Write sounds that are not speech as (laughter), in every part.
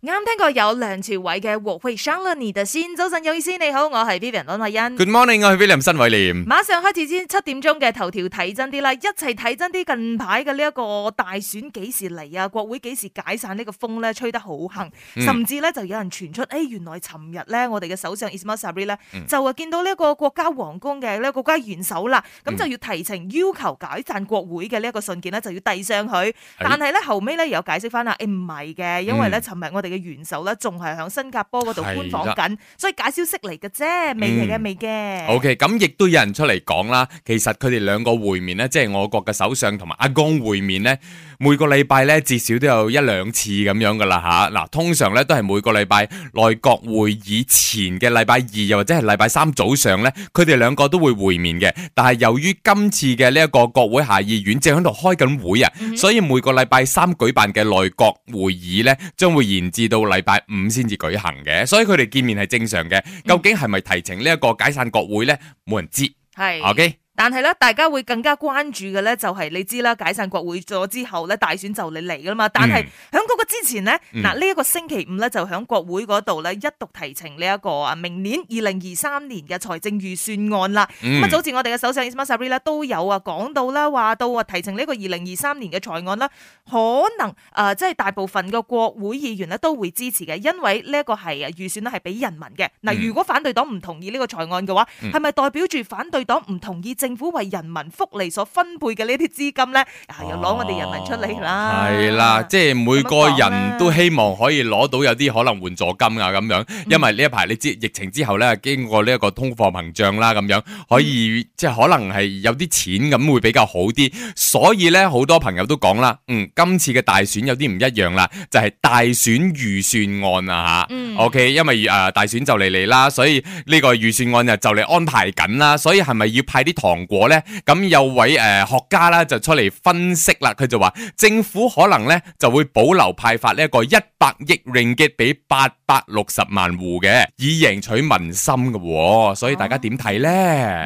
啱聽過有梁朝偉嘅《我會傷了你的心》。早晨，有意思你好，我係 Vivian 安慧欣。Good morning，我係 William 申偉廉。馬上開始先七點鐘嘅頭條睇真啲啦，一齊睇真啲近排嘅呢一個大選幾時嚟啊？國會幾時解散？呢個風咧吹得好行，嗯、甚至咧就有人傳出，誒、哎、原來尋日咧我哋嘅首相 Ismail Sabri 咧就啊見到呢一個國家皇宮嘅呢國家元首啦，咁就要提呈要求解散國會嘅呢一個信件呢，就要遞上佢，但係咧後尾咧有解釋翻啊，誒唔係嘅，因為咧尋日我哋。嗯嘅元首咧，仲係喺新加坡嗰度觀訪緊，所以假消息嚟嘅啫，未嘅未嘅。OK，咁亦都有人出嚟講啦。其實佢哋兩個會面咧，即係我國嘅首相同埋阿江會面咧，每個禮拜咧至少都有一兩次咁樣噶啦嚇。嗱，通常咧都係每個禮拜內閣會議前嘅禮拜二又或者係禮拜三早上咧，佢哋兩個都會會面嘅。但係由於今次嘅呢一個國會下議院正喺度開緊會啊，所以每個禮拜三舉辦嘅內閣會議咧，將會延。至到禮拜五先至舉行嘅，所以佢哋見面係正常嘅。究竟係咪提請呢一個解散國會呢？冇人知。係是，OK。但係咧，大家會更加關注嘅咧，就係你知啦，解散國會咗之後咧，大選就你嚟噶啦嘛。但係喺嗰個之前咧，嗱呢一個星期五咧，就喺國會嗰度咧一讀提呈呢一個啊明年二零二三年嘅財政預算案啦。咁啊早前我哋嘅首相 Ismail Sabri 咧都有啊講到啦，話到啊提呈呢個二零二三年嘅財案啦，可能啊即係大部分嘅國會議員咧都會支持嘅，因為呢一個係啊預算咧係俾人民嘅嗱。如果反對黨唔同意呢個財案嘅話，係咪代表住反對黨唔同意政政府為人民福利所分配嘅呢啲資金呢，啊，又攞我哋人民出嚟啦，係啦，即係每個人都希望可以攞到有啲可能援助金啊咁樣，因為呢一排你知疫情之後呢，經過呢一個通貨膨脹啦咁樣，可以、嗯、即係可能係有啲錢咁會比較好啲，所以呢，好多朋友都講啦，嗯，今次嘅大選有啲唔一樣啦，就係、是、大選預算案啊吓，OK，因為誒大選就嚟嚟啦，所以呢個預算案就就嚟安排緊啦，所以係咪要派啲糖？果咧，咁有位誒學家啦，就出嚟分析啦。佢就話政府可能咧就會保留派發呢一個一百億連結俾八百六十萬戶嘅，以贏取民心嘅。所以大家點睇咧？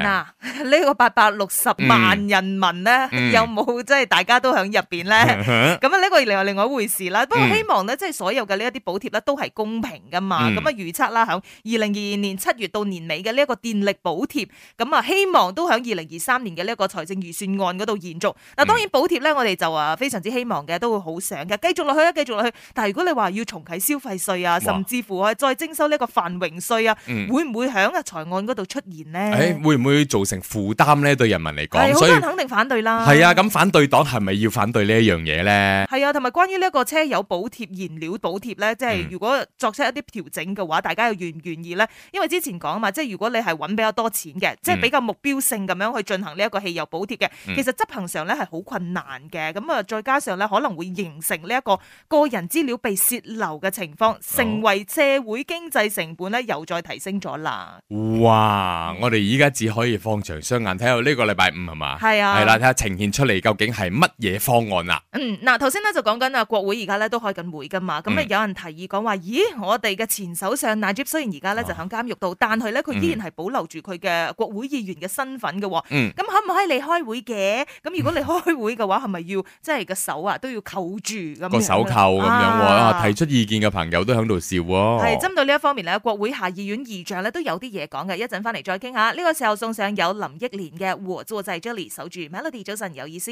嗱，呢個八百六十萬人民咧，有冇即係大家都響入邊咧？咁啊，呢個又另外一回事啦。不過希望咧，即係所有嘅呢一啲補貼咧，都係公平㗎嘛。咁啊，預測啦，響二零二二年七月到年尾嘅呢一個電力補貼，咁啊，希望都響二零二三年嘅呢一個財政預算案嗰度延續，嗱，當然補貼咧，我哋就啊非常之希望嘅，都會好想嘅，繼續落去咧，繼續落去。但係如果你話要重啟消費稅啊，哇甚至乎係再徵收呢一個繁榮稅啊，嗯、會唔會響個財案嗰度出現呢？誒、哎，會唔會造成負擔呢？對人民嚟講，好是以多人肯定反對啦。係啊，咁反對黨係咪要反對呢一樣嘢呢？係啊，同埋關於呢一個車油補貼、燃料補貼呢，即係、嗯、如果作出一啲調整嘅話，大家又願唔願意呢？因為之前講啊嘛，即係如果你係揾比較多錢嘅，即係比較目標性咁去進行呢一個汽油補貼嘅，其實執行上咧係好困難嘅。咁啊，再加上咧可能會形成呢一個個人資料被洩漏嘅情況，成為社會經濟成本咧又再提升咗啦。哇！我哋依家只可以放長雙眼睇下呢個禮拜五係嘛？係啊，係啦，睇下呈現出嚟究竟係乜嘢方案啦、啊。嗯，嗱，頭先咧就講緊啊，國會而家咧都開緊會噶嘛。咁啊，有人提議講話，咦，我哋嘅前首相納吉雖然而家咧就響監獄度，但係咧佢依然係保留住佢嘅國會議員嘅身份嘅。嗯，咁可唔可以你開會嘅？咁如果你開會嘅話，係咪、嗯、要即係個手啊都要扣住咁個手扣咁樣？啊、提出意見嘅朋友都喺度笑、啊。係針對呢一方面咧，國會下議院議長咧都有啲嘢講嘅，一陣翻嚟，再傾下。呢、這個時候送上有林憶蓮嘅和朱就係 Julie 守住 Melody，早晨有意思。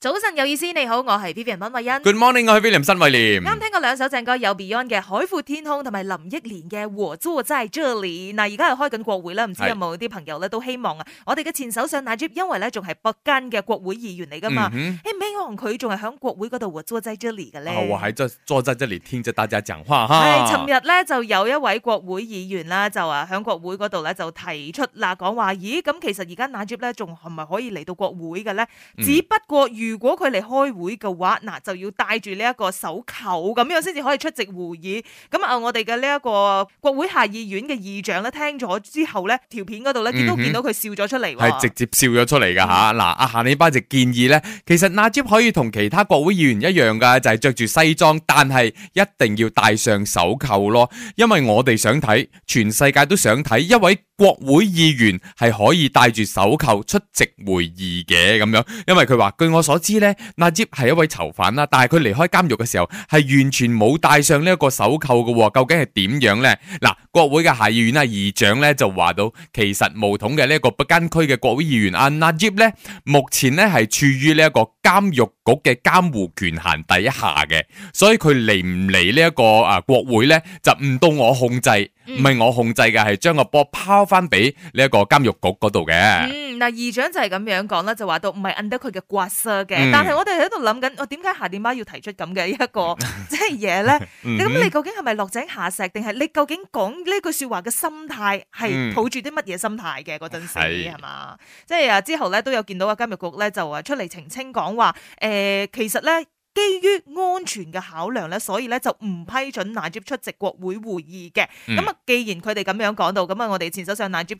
早晨有意思，你好，我係 Vivian 溫慧欣。Good morning，我係 Vivian 申偉廉。啱聽過兩首正歌，有 Beyond 嘅《海闊天空》同埋林憶蓮嘅《和朱啊 Jolly》。嗱，而家係開緊國會啦，唔知有冇啲朋友咧都希望啊，我哋嘅前首相 Najib 因為咧仲係北根嘅國會議員嚟噶嘛，希唔希望佢仲係響國會嗰度和朱啊 Jolly 嘅咧。我還在坐、啊、在，在這裏聽着大家講話哈。係，尋日咧就有一位國會議員啦，就啊響國會嗰度咧就提出啦講話，咦咁其實而家 Najib 咧仲係咪可以嚟到國會嘅咧？只不過如果佢嚟開會嘅話，嗱就要戴住呢一個手扣咁樣，先至可以出席會議。咁啊，我哋嘅呢一個國會下議院嘅議長咧，聽咗之後咧，條片嗰度咧，見到見到佢笑咗出嚟，係直接笑咗出嚟噶吓。嗱，阿哈尼巴就建議咧，其實納吉可以同其他國會議員一樣噶，就係着住西裝，但係一定要戴上手扣咯，因為我哋想睇，全世界都想睇一位國會議員係可以戴住手扣出席會議嘅咁樣，因為佢話據我所。我知呢，納吉係一位囚犯啦，但係佢離開監獄嘅時候，係完全冇戴上呢一個手銬嘅。究竟係點樣呢？嗱，國會嘅下議院啊，議長呢，就話到，其實巫統嘅呢一個北根區嘅國會議員阿納吉咧，目前呢係處於呢一個監獄局嘅監護權限底下嘅，所以佢嚟唔嚟呢一個啊國會咧，就唔到我控制。唔係、嗯、我控制嘅，係將個波拋翻俾呢一個監獄局嗰度嘅。嗯，嗱，議長就係咁樣講啦，就話到唔係 under 佢嘅刮嘅。嗯、但係我哋喺度諗緊，我點解夏電巴要提出咁嘅一個即係嘢咧？咁你究竟係咪落井下石，定係你究竟講呢句說話嘅心態係抱住啲乜嘢心態嘅嗰陣時係嘛？即係啊，之後咧都有見到啊，監獄局咧就話出嚟澄清講話，誒、呃，其實咧。基於安全的考量，所以就不批准納吉出席國會會議嘅。咁啊，既然他們這樣講到，咁啊，我們前首相納吉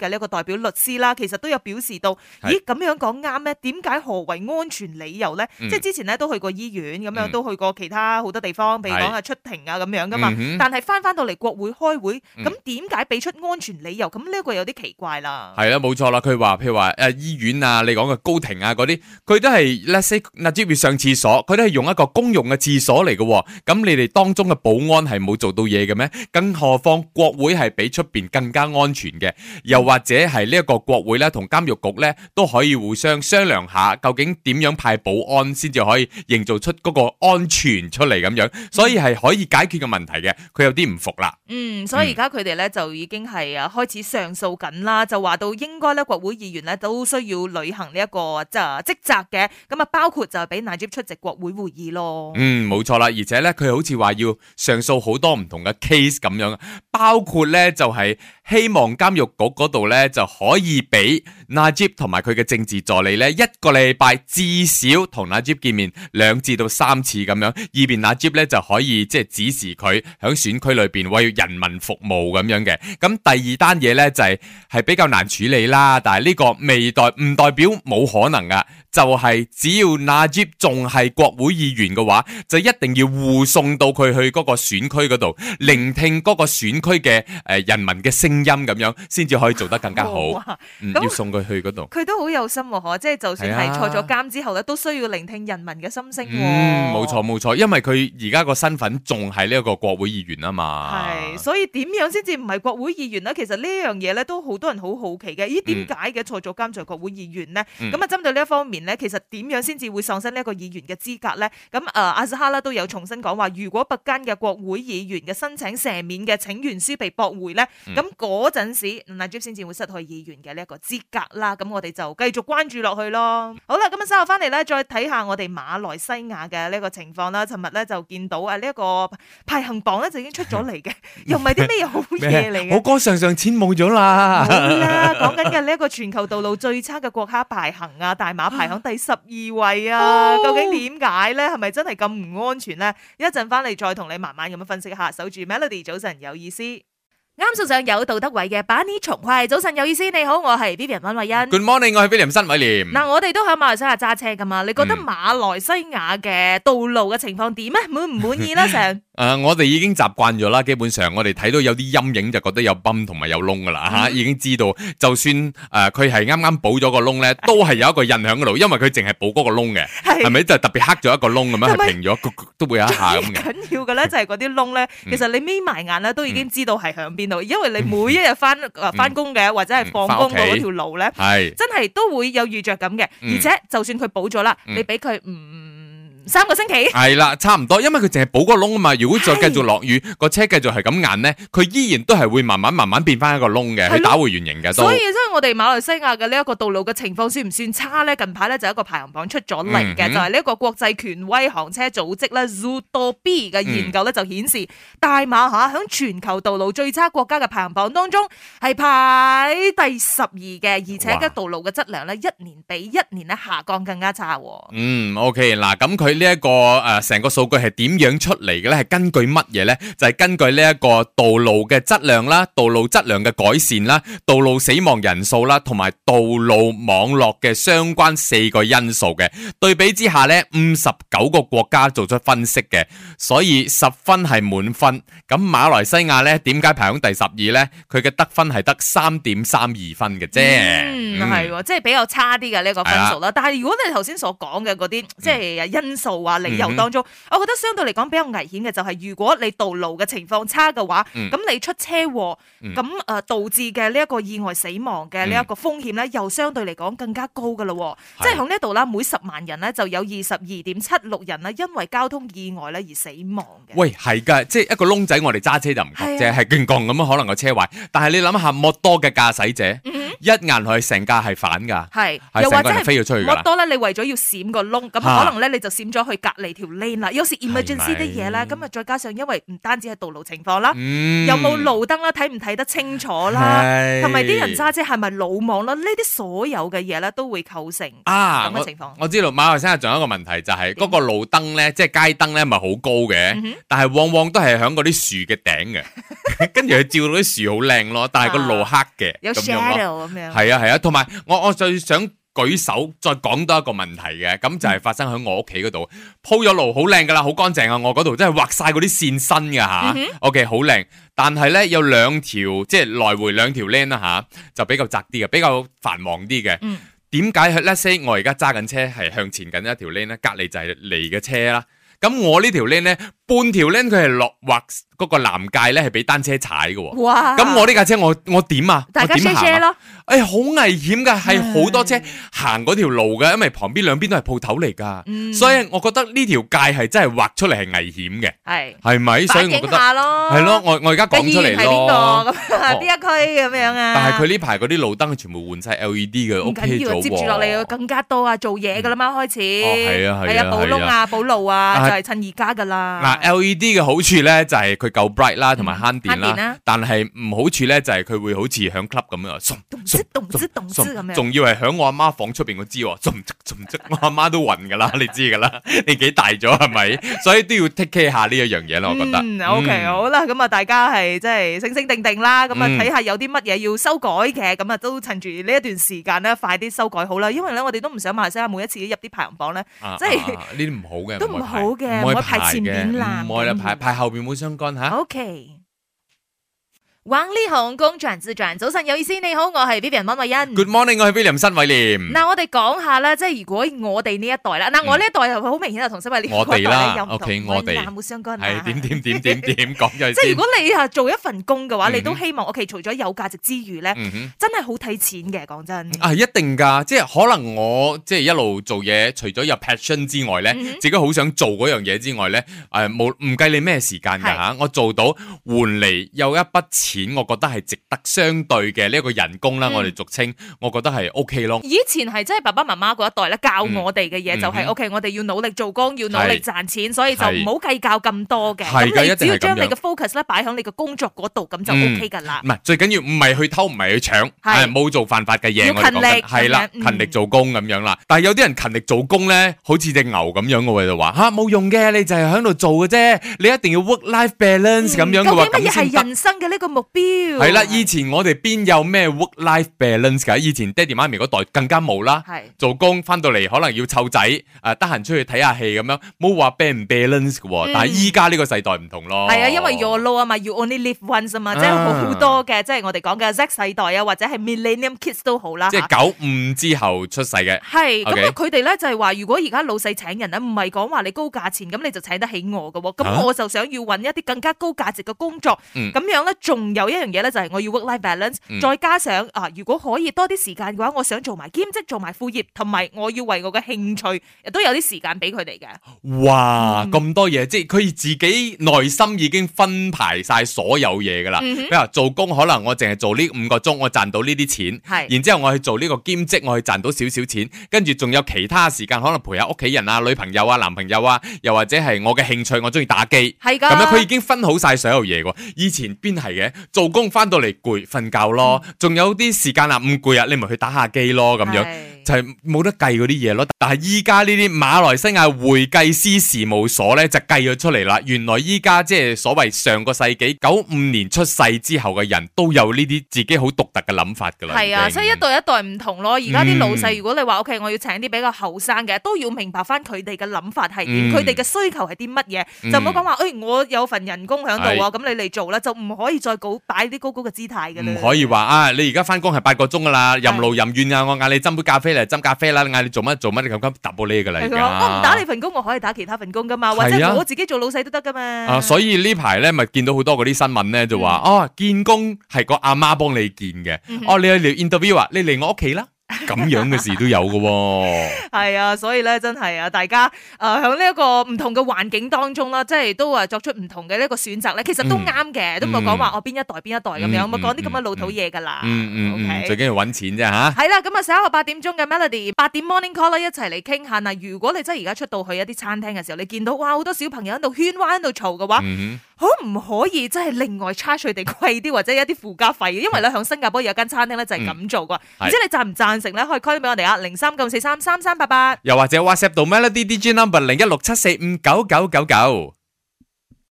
公用嘅廁所嚟嘅，咁你哋當中嘅保安係冇做到嘢嘅咩？更何況國會係比出邊更加安全嘅，又或者係呢一個國會咧同監獄局咧都可以互相商量下，究竟點樣派保安先至可以營造出嗰個安全出嚟咁樣，所以係可以解決嘅問題嘅。佢有啲唔服啦。嗯，所以而家佢哋咧就已經係啊開始上訴緊啦，就話到應該咧國會議員咧都需要履行呢一個即係職責嘅，咁啊包括就係俾納吉出席國會會議。嗯，冇錯啦，而且咧，佢好似話要上訴好多唔同嘅 case 咁樣，包括咧就係。希望監獄局嗰度呢，就可以俾納吉同埋佢嘅政治助理呢一個禮拜至少同納吉見面兩至到三次咁樣，以便納吉咧就可以即係指示佢喺選區裏邊為人民服務咁樣嘅。咁第二單嘢呢，就係係比較難處理啦，但係呢個未代唔代表冇可能啊，就係、是、只要納吉仲係國會議員嘅話，就一定要護送到佢去嗰個選區嗰度聆聽嗰個選區嘅誒人民嘅聲。聲音咁樣，先至可以做得更加好。嗯，要送佢去嗰度。佢都好有心喎，嗬！即係就算係坐咗監之後咧，都需要聆聽人民嘅心聲喎。嗯，冇錯冇錯，因為佢而家個身份仲係呢一個國會議員啊嘛。係，所以點樣先至唔係國會議員咧？其實呢樣嘢咧都好多人好好奇嘅。咦，點解嘅坐咗監就係國會議員咧？咁啊，針對呢一方面咧，其實點樣先至會喪失呢一個議員嘅資格咧？咁啊，阿斯哈啦都有重新講話，如果不監嘅國會議員嘅申請赦免嘅請願書被駁回咧，咁。嗰陣時，那朱先至會失去議員嘅呢一個資格啦。咁我哋就繼續關注落去咯。好啦，咁啊，稍後翻嚟咧，再睇下我哋馬來西亞嘅呢一個情況啦。尋日咧就見到啊，呢一個排行榜咧就已經出咗嚟嘅， (laughs) 又唔係啲咩好嘢嚟嘅，我哥常常羨慕咗啦、 (laughs) (laughs) 係啊。講緊嘅呢一個全球道路最差嘅國家排行啊，大馬排行第十二位啊， (laughs) 哦、究竟點解咧？係咪真係咁唔安全咧？一陣翻嚟再同你慢慢咁樣分析下。守住 Melody，早晨有意思。啱送上有杜德偉嘅，把你重開。早晨有意思，你好，我係 Vivian 溫慧欣。Good morning，我係 William 申偉廉。嗱，我哋都喺馬來西亞揸車噶嘛，你覺得馬來西亞嘅道路嘅情況點咧？滿唔滿意咧，成？誒，我哋已經習慣咗啦，基本上我哋睇到有啲陰影就覺得有崩同埋有窿噶啦吓，已經知道，就算誒佢係啱啱補咗個窿咧，都係有一個印喺度，因為佢淨係補嗰個窿嘅，係咪就特別黑咗一個窿咁樣，係平咗，個都會有一下咁嘅。最緊要嘅咧就係嗰啲窿咧，其實你眯埋眼咧都已經知道係響邊。因為你每一日翻啊翻工嘅，或者係放工嗰條路咧，嗯、真係都會有遇著咁嘅，嗯、而且就算佢補咗啦，嗯、你俾佢唔。嗯三個星期係啦， (laughs) 差唔多，因為佢淨係補個窿啊嘛。如果再繼續落雨，個的車繼續係咁硬呢，佢依然都係會慢慢慢慢變翻一個窿嘅，去咯打回原形嘅。所以所以我哋馬來西亞嘅呢一個道路嘅情況算唔算差呢？近排呢，就是、一個排行榜出咗嚟嘅，嗯、哼就係呢一個國際權威行車組織呢。Zutobi 嘅研究呢，嗯、就顯示，大馬吓響全球道路最差國家嘅排行榜當中係排第十二嘅，而且嘅道路嘅質量呢，一年比一年呢下降更加差。嗯，OK 嗱，咁佢。呢一、這個誒，成、呃、個數據係點樣出嚟嘅呢？係根據乜嘢呢？就係、是、根據呢一個道路嘅質量啦、道路質量嘅改善啦、道路死亡人數啦、同埋道路網絡嘅相關四個因素嘅對比之下呢，五十九個國家做咗分析嘅，所以十分係滿分。咁馬來西亞呢，點解排喺第十二呢？佢嘅得分係得三點三二分嘅啫。嗯係、嗯、即係比較差啲嘅呢一、這個分數啦。的但係如果你頭先所講嘅嗰啲即係因素啊、理由當中，嗯嗯、我覺得相對嚟講比較危險嘅就係如果你道路嘅情況差嘅話，咁、嗯、你出車禍，咁誒、嗯、導致嘅呢一個意外死亡嘅呢一個風險呢，又相對嚟講更加高噶咯。嗯、即係喺呢度啦，每十萬人呢就有二十二點七六人呢，因為交通意外呢而死亡嘅。喂，係噶，即係一個窿仔，我哋揸車就唔覺即係勁降咁啊，可能個車位。但係你諗下，莫多嘅駕駛者。一眼去成架係反㗎，係又或者係多咧，你為咗要閃個窿，咁可能咧你就閃咗去隔離條 lane 啦。有時 emergency 啲嘢咧，咁啊再加上因為唔單止係道路情況啦，有冇路燈啦，睇唔睇得清楚啦，同埋啲人揸車係咪魯莽啦？呢啲所有嘅嘢咧都會構成啊咁嘅情況。我知道馬來西亞仲有一個問題就係嗰個路燈咧，即係街燈咧，咪好高嘅，但係往往都係喺嗰啲樹嘅頂嘅，跟住佢照到啲樹好靚咯，但係個路黑嘅，有 shadow。係啊，係啊，同埋、啊、我我最想舉手再講多一個問題嘅，咁就係發生喺我屋企嗰度鋪咗路好靚噶啦，好乾淨啊！我嗰度真係畫晒嗰啲線身噶吓，OK 好靚。但係咧有兩條即係來回兩條 lane 啦吓，就比較窄啲嘅，比較繁忙啲嘅。點解？Let's say 我而家揸緊車係向前緊一條 lane 咧，隔籬就係嚟嘅車啦。咁我呢條 lane 咧。半條咧，佢係落劃嗰個南界咧，係俾單車踩嘅。哇！咁我呢架車，我我點啊？大家 share 咯。誒，好危險嘅，係好多車行嗰條路嘅，因為旁邊兩邊都係鋪頭嚟噶。所以我覺得呢條界係真係劃出嚟係危險嘅。係係咪？所以我覺得係咯。我我而家講出嚟呢，議員係邊個咁？呢一區咁樣啊？但係佢呢排嗰啲路燈係全部換晒 LED 嘅，OK 接住落嚟，要更加多啊！做嘢噶啦，開始。係啊係啊。係啊。補窿啊，補路啊，就係趁而家噶啦。嗱。LED 嘅好處咧就係佢夠 bright 啦，同埋慳電啦。但係唔好處咧就係佢會好似響 club 咁樣，咁樣。仲要係響我阿媽房出邊我知喎，咚咚咚，我阿媽都暈噶啦，你知噶啦。你幾大咗係咪？所以都要 take care 下呢一樣嘢咯。我覺得。嗯。OK 好啦，咁啊大家係即係醒醒定定啦，咁啊睇下有啲乜嘢要修改嘅，咁啊都趁住呢一段時間咧，快啲修改好啦。因為咧我哋都唔想萬一啊，每一次入啲排行榜咧，即係呢啲唔好嘅都唔好嘅，我前唔好、嗯、啦，排排後邊冇相干吓。Okay. 玩呢行工作人士，早晨，有意思，你好，我係 Vivian 麥慧欣。Good morning，我係 William 新偉廉。嗱，我哋講下啦，即係如果我哋呢一代啦，嗱我呢一代又好明顯就同新偉廉嗰代有唔同，係冇相干啊？點點點點點講，即係如果你係做一份工嘅話，你都希望我哋除咗有價值之餘咧，真係好睇錢嘅，講真。啊，一定噶，即係可能我即係一路做嘢，除咗有 passion 之外咧，自己好想做嗰樣嘢之外咧，誒，冇唔計你咩時間噶吓，我做到換嚟有一筆錢。錢我覺得係值得相對嘅呢一個人工啦，我哋俗稱，我覺得係 O K 咯。以前係真係爸爸媽媽嗰一代咧教我哋嘅嘢，就係 O K，我哋要努力做工，要努力賺錢，所以就唔好計較咁多嘅。咁你只要將你嘅 focus 咧擺響你嘅工作嗰度，咁就 O K 噶啦。唔係最緊要唔係去偷，唔係去搶，係冇做犯法嘅嘢。要勤力，係啦，勤力做工咁樣啦。但係有啲人勤力做工咧，好似隻牛咁樣嘅喎就話吓冇用嘅，你就係響度做嘅啫。你一定要 work life balance 咁樣嘅話，咁先得。乜嘢係人生嘅呢個目。係啦，以前我哋邊有咩 work-life balance 噶？以前爹哋媽咪嗰代更加冇啦，係是做工翻到嚟可能要湊仔，誒得閒出去睇下戲咁樣，冇話 balance 噶。嗯、但係依家呢個世代唔同咯，係啊，因為 YOLO 啊嘛，you only live once 啊嘛，即係好多嘅，即係我哋講嘅 Z 世代啊，或者係 Millennium Kids 都好啦，即係九五之後出世嘅。係咁佢哋咧就係話，如果而家老細請人咧，唔係講話你高價錢，咁你就請得起我噶，咁我就想要搵一啲更加高價值嘅工作，咁樣咧仲。嗯有一樣嘢咧，就係、是、我要 work-life balance，再加上啊，如果可以多啲時間嘅話，我想做埋兼職，做埋副業，同埋我要為我嘅興趣，都有啲時間俾佢哋嘅。哇，咁、嗯、多嘢，即係佢自己內心已經分排晒所有嘢噶啦。你話、嗯、哼做工可能我淨係做呢五個鐘，我賺到呢啲錢，係是，然之後我去做呢個兼職，我去賺到少少錢，跟住仲有其他時間，可能陪下屋企人啊、女朋友啊、男朋友啊，又或者係我嘅興趣，我中意打機，係咁的樣佢已經分好晒所有嘢噶。以前邊係嘅？做工返到嚟攰，瞓覺咯。仲、嗯、有啲時間啊，唔攰啊，你咪去打下機咯，咁樣。就係冇得計嗰啲嘢咯，但係依家呢啲馬來西亞會計師事務所咧就計咗出嚟啦。原來依家即係所謂上個世紀九五年出世之後嘅人都有呢啲自己好獨特嘅諗法㗎啦。係啊，所以、嗯、一代一代唔同咯。而家啲老細，如果你話、嗯、OK，我要請啲比較後生嘅，都要明白翻佢哋嘅諗法係點，佢哋嘅需求係啲乜嘢，嗯、就唔好講話，誒、哎、我有份人工喺度啊，咁是你嚟做啦，就唔可以再高擺啲高高嘅姿態㗎。唔可以話啊，你而家翻工係八個鐘㗎啦，是任勞任怨啊，我嗌你斟杯咖啡。嚟斟咖啡啦！嗌你做乜做乜，你咁急揼我呢嘢嘅，嚟，我唔打你份工，我可以打其他份工噶嘛，或者我自己做老細都得噶嘛。啊，所以呢排咧咪見到好多嗰啲新聞咧就話、嗯、哦，見工係個阿媽幫你見嘅。嗯、哦，你去聊 interview 啊，你嚟我屋企啦。咁樣嘅事都有嘅，係 (laughs) 啊，所以咧，真係啊，大家誒喺呢一個唔同嘅環境當中啦，即、呃、係、就是、都啊作出唔同嘅呢個選擇咧，其實都啱嘅，嗯、都唔好講話我邊一代邊一代咁樣，唔好講啲咁嘅老土嘢噶啦。嗯嗯嗯，Okay? 最緊要搵錢啫吓。係啦，咁啊，稍 (laughs) 一個八點鐘嘅 Melody，八點 morning call 啦，一齊嚟傾下嗱。如果你真係而家出到去一啲餐廳嘅時候，你見到哇好多小朋友喺度喧嘩喺度嘈嘅話。嗯可唔可以真係另外 charge 佢哋貴啲或者一啲附加費，因為咧響新加坡有間餐廳咧就係咁做嘅，唔、嗯、知你贊唔贊成咧？可以 call 俾我哋啊，零三九四三三三八八，又或者 WhatsApp 到 Melody DJ number 零一六七四五九九九九。